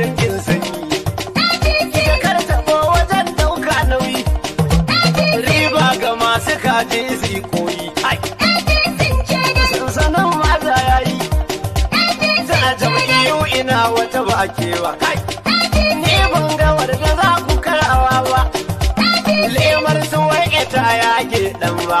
dangin sani. ta taɓo wajen ɗauka nauyi. Riba ga masu kaji su koyi. Sansanin maza ya yi. Ta jam'iyyu ina wata ba kewa. Ni ban ga wadda za ku karawa ba. Lemar sun wai ta yage ɗan ba.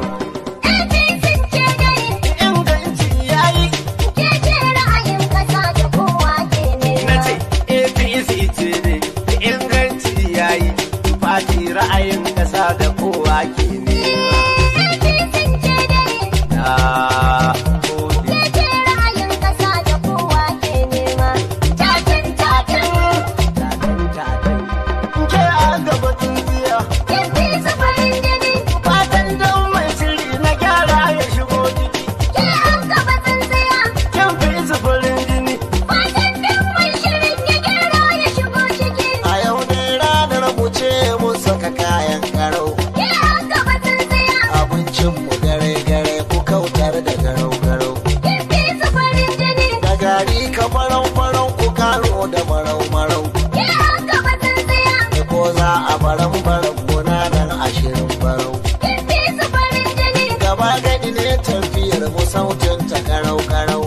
sautin ta karau karau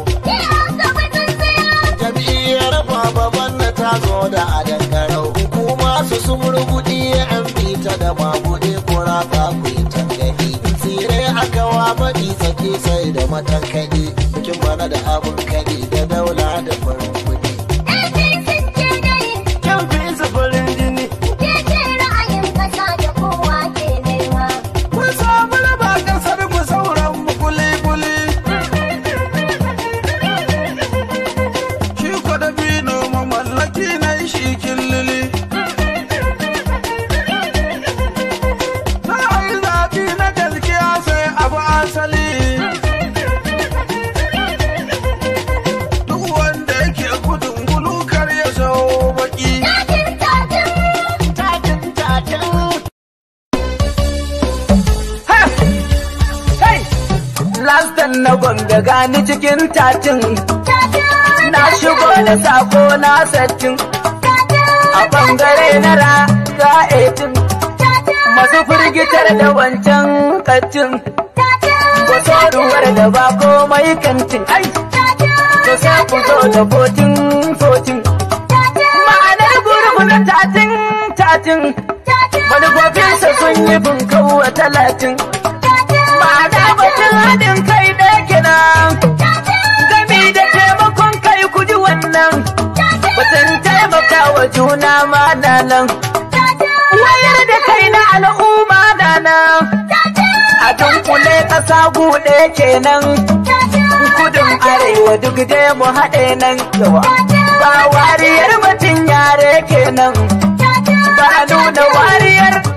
jam'iyyar baba banna ta zo da adan karau hukuma su sun rubudi yan fita da magude kura ka ku yi tangaɗi tsire aka wa baki tsaki sai da matan bikin bana da abun kaɗi da daula da farin can na gombe gani cikin tatin na shigo da sako na sattin a bangare na ga etin masu firgitar da wancan kacin ba so ruwar da ba komai kantin ai ba sa ku zo da botin fotin ma'anar gurgu na tatin tatin manufofin sun yi bunkau a talatin nan wayar da kai na al'umma na nan a dunkule ƙasa buɗe kenan kudin arewa duk dai mu haɗe nan yawa ba wariyar mutum yare kenan ba nuna wariyar